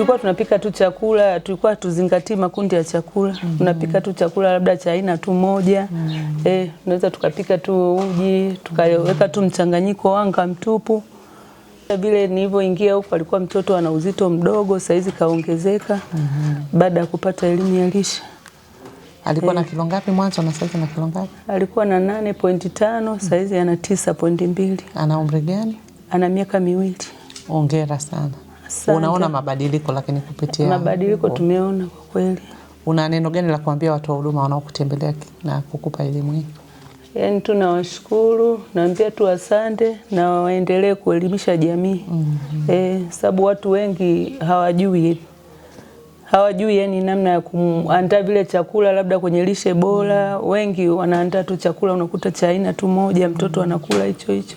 tulikuwa tunapika tu chakula, tulikuwa tuzingatii makundi ya chakula mm. -hmm. tunapika tu chakula labda cha aina tu moja mm. -hmm. eh, tunaweza tukapika tu uji tukaweka tu mchanganyiko wanga mtupu. Vile nilivyoingia huko alikuwa mtoto ana uzito mdogo, saizi kaongezeka mm -hmm. baada ya kupata elimu ya lishe alikuwa eh, na kilo ngapi mwanzo na saizi na kilo ngapi? Alikuwa na nane pointi tano saizi ana tisa pointi mbili. Ana umri gani? Ana miaka miwili. Ongera sana. Asante. Unaona mabadiliko lakini kupitia mabadiliko tumeona kwa kweli. Una neno gani la kuambia watu wa huduma wanaokutembelea na kukupa elimu hii? Yaani tu nawashukuru, naambia tu asante na waendelee kuelimisha jamii mm -hmm. Eh, sababu watu wengi hawajui hawajui yani namna ya kuandaa vile chakula labda kwenye lishe bora. mm -hmm. Wengi wanaandaa tu chakula unakuta cha aina tu moja, mtoto anakula hicho hicho,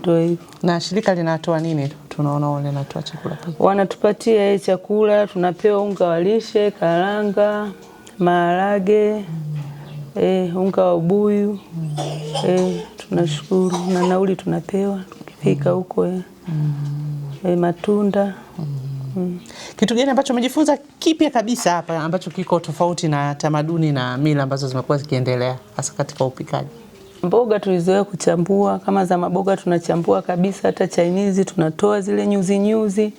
ndio hivyo. Na shirika linatoa nini? tunaona wanatoa chakula pia, wanatupatia hii chakula, tunapewa unga wa lishe, karanga, maharage mm. Eh, unga wa ubuyu mm. Eh, tunashukuru na nauli tunapewa tukifika mm. huko eh. mm. Eh, matunda mm. mm. Kitu gani ambacho umejifunza kipya kabisa hapa ambacho kiko tofauti na tamaduni na mila ambazo zimekuwa zikiendelea hasa katika upikaji? Mboga tulizoea kuchambua kama za maboga tunachambua kabisa, hata chainizi tunatoa zile nyuzi nyuzi,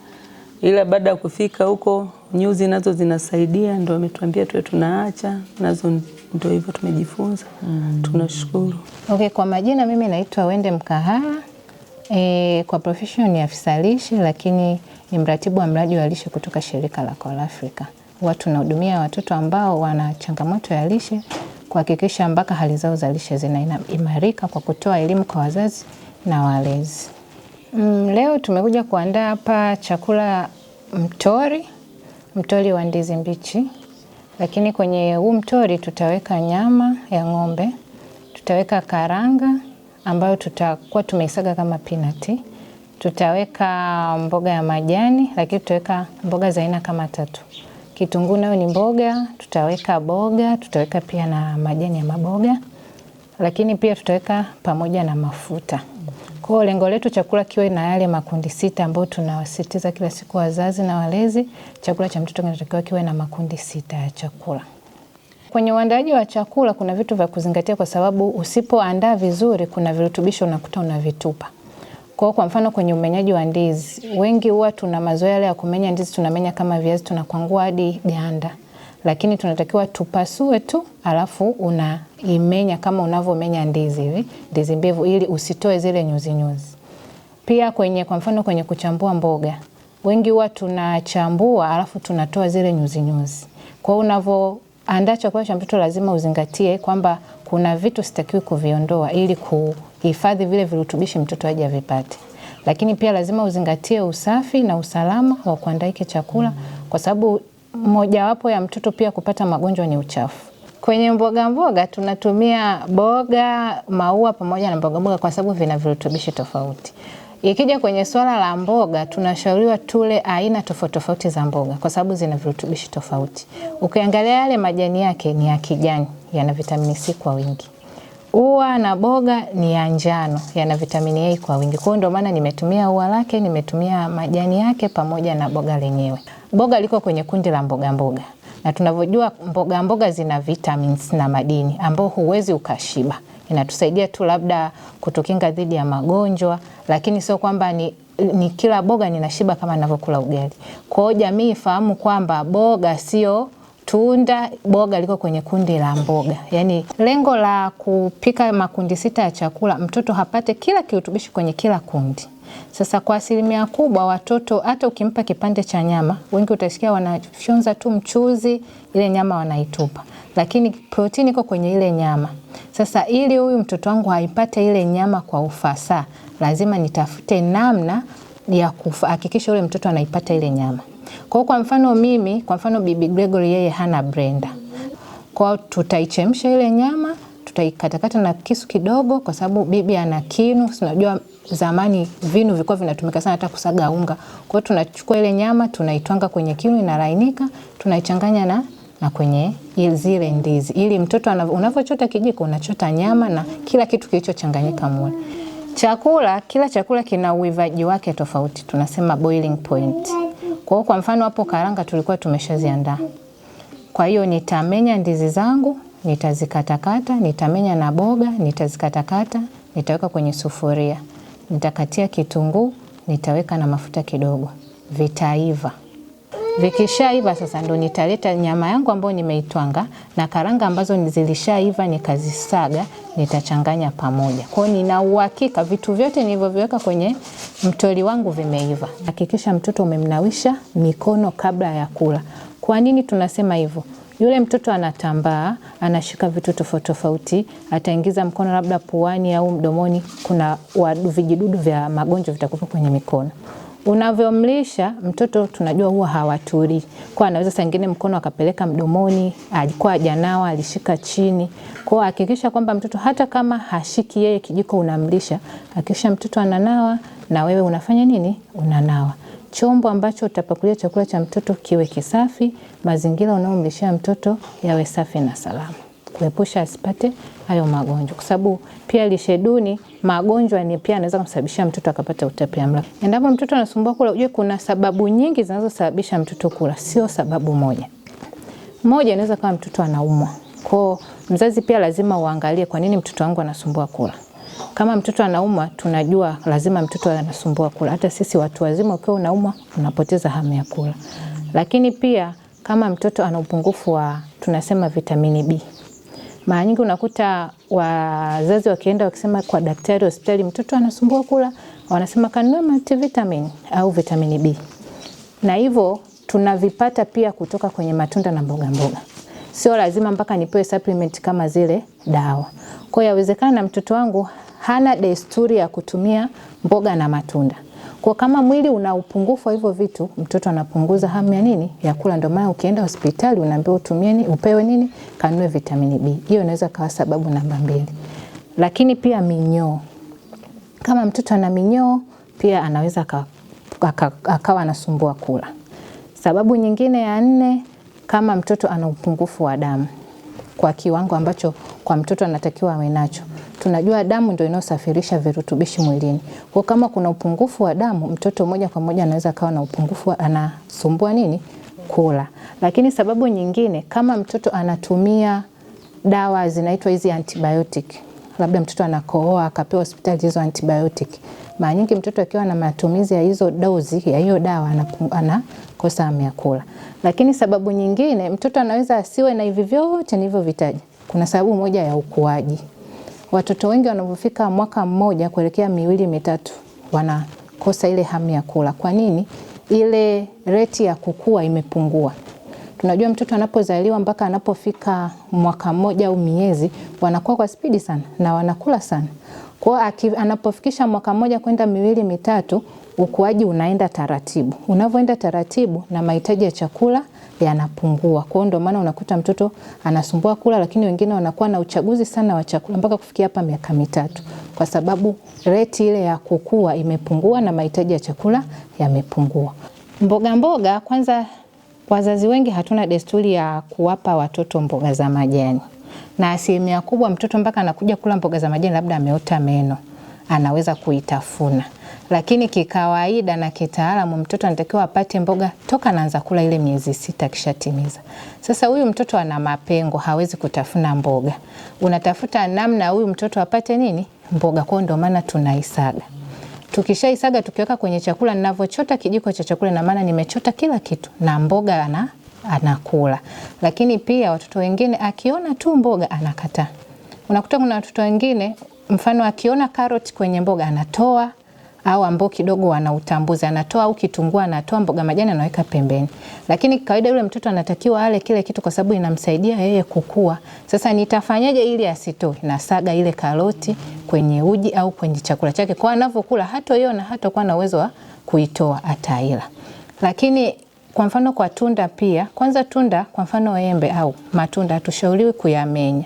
ila baada ya kufika huko nyuzi nazo zinasaidia, ndio ametuambia tuwe tunaacha nazo, ndio hivyo tumejifunza. mm. Tunashukuru. Okay, kwa majina mimi naitwa Wende mkahaa E, kwa profession ni afisa lishe, lakini ni mratibu wa mradi wa lishe kutoka shirika la Coal Africa. Huwa tunahudumia watoto ambao wana changamoto ya lishe kuhakikisha mpaka hali zao za lishe zinaimarika kwa kutoa elimu kwa wazazi na walezi. Mm, leo tumekuja kuandaa hapa chakula mtori, mtori wa ndizi mbichi, lakini kwenye huu mtori tutaweka nyama ya ng'ombe, tutaweka karanga ambayo tutakuwa tumeisaga kama pinati, tutaweka mboga ya majani, lakini tutaweka mboga za aina kama tatu. Kitunguu nayo ni mboga, tutaweka boga, tutaweka pia na majani ya maboga, lakini pia tutaweka pamoja na mafuta. Kwa hiyo lengo letu chakula kiwe na yale makundi sita ambayo tunawasisitiza kila siku wazazi na walezi, chakula cha mtoto kinatakiwa kiwe na makundi sita ya chakula. Kwenye uandaaji wa chakula kuna vitu vya kuzingatia, kwa sababu usipoandaa vizuri, kuna virutubisho unakuta unavitupa. Kwa hiyo kwa mfano kwenye umenyaji wa ndizi, wengi huwa tuna mazoea yale ya kumenya ndizi, tunamenya kama viazi, tunakwangua hadi ganda, lakini tunatakiwa tupasue tu, alafu unaimenya kama unavyomenya ndizi hivi, ndizi mbivu, ili usitoe zile nyuzi nyuzi. Pia kwenye kwa mfano kwenye kuchambua mboga, wengi huwa tunachambua alafu tunatoa zile nyuzi nyuzi. Kwa hiyo unavyo andaa chakula cha mtoto lazima uzingatie kwamba kuna vitu sitakiwi kuviondoa ili ku hifadhi vile virutubishi mtoto aje avipate, lakini pia lazima uzingatie usafi na usalama wa kuandaa hiki chakula, kwa sababu mojawapo ya mtoto pia kupata magonjwa ni uchafu. Kwenye mboga mboga tunatumia boga, maua pamoja na mboga mboga kwa sababu vina virutubishi tofauti. Ikija kwenye swala la mboga, tunashauriwa tule aina tofauti tofauti za mboga kwa sababu zina virutubishi tofauti. Ukiangalia yale majani yake ni ya kijani, yana vitamini C kwa wingi ua na boga ni ya njano, yana vitamini A kwa wingi. Kwa hiyo ndio maana nimetumia ua lake, nimetumia majani yake pamoja na boga lenyewe. Boga liko kwenye kundi la mboga mboga, na tunavyojua mboga mboga zina vitamins na madini ambao huwezi ukashiba. Inatusaidia tu labda kutukinga dhidi ya magonjwa, lakini sio kwamba ni ni kila boga ninashiba kama ninavyokula ugali. Kwa hiyo jamii ifahamu kwamba boga sio tunda, boga liko kwenye kundi la mboga. Yaani lengo la kupika makundi sita ya chakula, mtoto hapate kila kirutubishi kwenye kila kundi. Sasa kwa asilimia kubwa watoto, hata ukimpa kipande cha nyama, wengi utasikia wanafyonza tu mchuzi, ile nyama wanaitupa, lakini protini iko kwenye ile nyama. Sasa ili huyu mtoto wangu aipate ile nyama kwa ufasaha, lazima nitafute namna ya kuhakikisha ule mtoto anaipata ile nyama. Kwa kwa mfano mimi, kwa mfano Bibi Gregory yeye hana blender. Kwa tutaichemsha ile nyama, tutaikatakata na kisu kidogo kwa sababu bibi ana kinu, unajua zamani vinu vilikuwa vinatumika sana hata kusaga unga. Kwa hiyo tunachukua ile nyama, tunaitwanga kwenye kinu inalainika, tunaichanganya na na kwenye zile ndizi ili mtoto unavyochota kijiko unachota nyama na kila kitu kilichochanganyika mule. Chakula, kila chakula kina uivaji wake tofauti, tunasema boiling point. Kwa hiyo kwa mfano hapo karanga tulikuwa tumeshaziandaa. Kwa hiyo nitamenya ndizi zangu, nitazikatakata, nitamenya na boga, nitazikatakata, nitaweka kwenye sufuria. Nitakatia kitunguu, nitaweka na mafuta kidogo. Vitaiva. Vikishaiva sasa ndo nitaleta nyama yangu ambayo nimeitwanga na karanga ambazo zilishaiva nikazisaga, nitachanganya pamoja. Kwa hiyo nina uhakika vitu vyote nilivyoviweka kwenye mtoli wangu vimeiva. Hakikisha mtoto umemnawisha mikono kabla ya kula. Kwa nini tunasema hivyo? Yule mtoto anatambaa, anashika vitu tofauti tofauti, ataingiza mkono labda puani au mdomoni, kuna vijidudu vya magonjwa vitakuwa kwenye mikono unavyomlisha mtoto tunajua huwa hawatulii, kwa anaweza sangine mkono akapeleka mdomoni, alikuwa ajanawa alishika chini. Kwa hakikisha kwamba mtoto hata kama hashiki yeye kijiko, unamlisha, hakikisha mtoto ananawa na wewe unafanya nini? Unanawa. Chombo ambacho utapakulia chakula cha mtoto kiwe kisafi, mazingira unaomlishia mtoto yawe safi na salama kuepusha asipate hayo magonjwa, kwa sababu pia lishe duni, magonjwa ni pia anaweza kumsababishia mtoto akapata utapiamlo. Endapo mtoto anasumbua kula, ujue kuna sababu nyingi zinazosababisha mtoto kula, sio sababu moja moja. Inaweza kama mtoto anaumwa, kwao mzazi pia lazima uangalie, kwa nini mtoto wangu anasumbua kula kama mtoto anaumwa, tunajua lazima mtoto anasumbua kula. Hata sisi watu wazima, ukiwa unaumwa unapoteza hamu ya kula. Lakini pia kama mtoto ana upungufu wa tunasema vitamini B mara nyingi unakuta wazazi wakienda wakisema kwa daktari hospitali, mtoto anasumbua kula, wanasema kanunue multivitamin au vitamini B, na hivyo tunavipata pia kutoka kwenye matunda na mboga mboga. Sio lazima mpaka nipewe supplement kama zile dawa. Kwa hiyo yawezekana mtoto wangu hana desturi ya kutumia mboga na matunda. Kwa kama mwili una upungufu wa hivyo vitu, mtoto anapunguza hamu ya nini? Ya kula. Ndio maana ukienda hospitali unaambiwa utumie ni, upewe nini? Kanue vitamini B. Hiyo inaweza kawa sababu namba mbili. Lakini pia minyoo. Kama mtoto ana minyoo pia anaweza akawa anasumbua kula. Sababu nyingine ya nne, kama mtoto ana upungufu wa damu kwa kiwango ambacho kwa mtoto anatakiwa awe nacho tunajua damu ndio inayosafirisha virutubishi mwilini. Kwa kama kuna upungufu wa damu, mtoto moja kwa moja anaweza kawa na upungufu, wa, anasumbua nini kula. Lakini sababu nyingine, kama mtoto anatumia dawa zinaitwa hizi antibiotic, labda mtoto anakohoa akapewa hospitali hizo antibiotic, mara nyingi mtoto akiwa na matumizi ya hizo dozi ya hiyo dawa anakosa hamu ya kula. Lakini sababu nyingine, mtoto anaweza asiwe na hivi vyote nilivyovitaja. Kuna sababu moja ya ukuaji. Watoto wengi wanapofika mwaka mmoja kuelekea miwili mitatu wanakosa ile hamu ya kula. Kwa nini? Ile reti ya kukua imepungua. Tunajua mtoto anapozaliwa mpaka anapofika mwaka mmoja au miezi wanakuwa kwa spidi sana na wanakula sana. Kwa anapofikisha mwaka mmoja kwenda miwili mitatu ukuaji unaenda taratibu. Unavyoenda taratibu na mahitaji ya chakula yanapungua. Kwa hiyo ndio maana unakuta mtoto anasumbua kula, lakini wengine wanakuwa na uchaguzi sana wa chakula mpaka kufikia hapa miaka mitatu, kwa sababu reti ile ya kukua imepungua na mahitaji ya chakula yamepungua. Mboga mboga, kwanza wazazi wengi hatuna desturi ya kuwapa watoto mboga za majani, na asilimia kubwa mtoto mpaka anakuja kula mboga za majani, labda ameota meno, anaweza kuitafuna lakini kikawaida na kitaalamu mtoto anatakiwa apate mboga toka anaanza kula ile miezi sita kishatimiza. Sasa huyu mtoto ana mapengo, hawezi kutafuna mboga. Unatafuta namna huyu mtoto apate nini? Mboga. Kwa ndio maana tunaisaga. Tukishaisaga tukiweka kwenye chakula, ninavyochota kijiko cha chakula na maana nimechota kila kitu na mboga ana anakula. Lakini pia watoto wengine akiona tu mboga anakataa. Unakuta kuna watoto wengine mfano akiona karoti kwenye mboga anatoa au ambao kidogo wanautambuzi anatoa au kitungua anatoa mboga majani, anaweka pembeni. Lakini kawaida yule mtoto anatakiwa ale kile kitu kwa sababu inamsaidia yeye kukua. Sasa nitafanyaje ili asitoe? Nasaga ile karoti kwenye uji au kwenye chakula chake, kwa anavyokula hatoiona, hatakuwa na uwezo wa kuitoa, ataila. Lakini kwa mfano kwa tunda pia, kwanza tunda kwa mfano embe au matunda hatushauriwi kuyamenya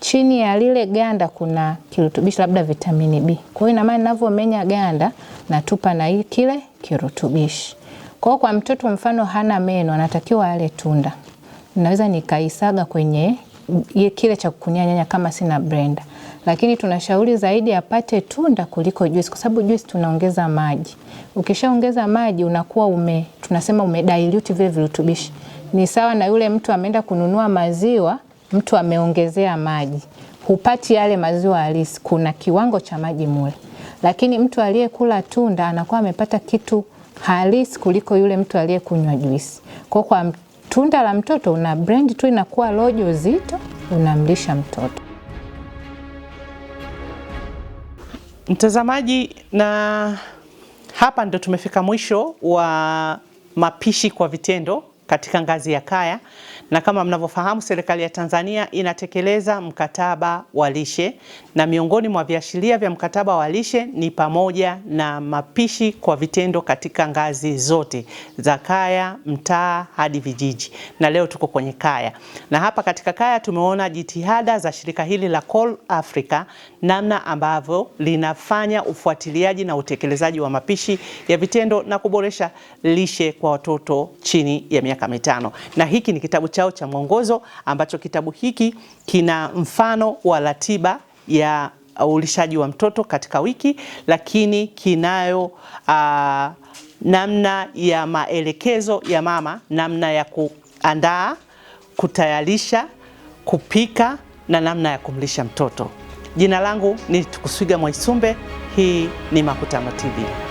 chini ya lile ganda kuna kirutubishi labda vitamini B. Kwa hiyo ina maana ninavyomenya ganda natupa na kile kirutubishi. Kwa hiyo kwa mtoto mfano hana meno anatakiwa ale tunda. Naweza nikaisaga kwenye ye kile cha kukunyia nyanya kama sina brenda. Lakini tunashauri zaidi apate tunda kuliko juisi kwa sababu juisi tunaongeza maji. Ukishaongeza maji unakuwa ume tunasema umedilute vile virutubishi. Ni sawa na yule mtu ameenda kununua maziwa mtu ameongezea maji, hupati yale maziwa halisi. Kuna kiwango cha maji mule, lakini mtu aliyekula tunda anakuwa amepata kitu halisi kuliko yule mtu aliyekunywa juisi. Kwa kwa tunda la mtoto una brand tu inakuwa lojo zito, unamlisha mtoto. Mtazamaji, na hapa ndo tumefika mwisho wa mapishi kwa vitendo katika ngazi ya kaya, na kama mnavyofahamu, serikali ya Tanzania inatekeleza mkataba wa lishe, na miongoni mwa viashiria vya mkataba wa lishe ni pamoja na mapishi kwa vitendo katika ngazi zote za kaya, mtaa hadi vijiji, na leo tuko kwenye kaya, na hapa katika kaya tumeona jitihada za shirika hili la Call Africa, namna ambavyo linafanya ufuatiliaji na utekelezaji wa mapishi ya vitendo na kuboresha lishe kwa watoto chini ya miaka miaka mitano, na hiki ni kitabu chao cha mwongozo ambacho kitabu hiki kina mfano wa ratiba ya ulishaji wa mtoto katika wiki, lakini kinayo a, ah, namna ya maelekezo ya mama, namna ya kuandaa, kutayarisha, kupika na namna ya kumlisha mtoto. Jina langu ni Tukuswiga Mwaisumbe. Hii ni Makutano TV.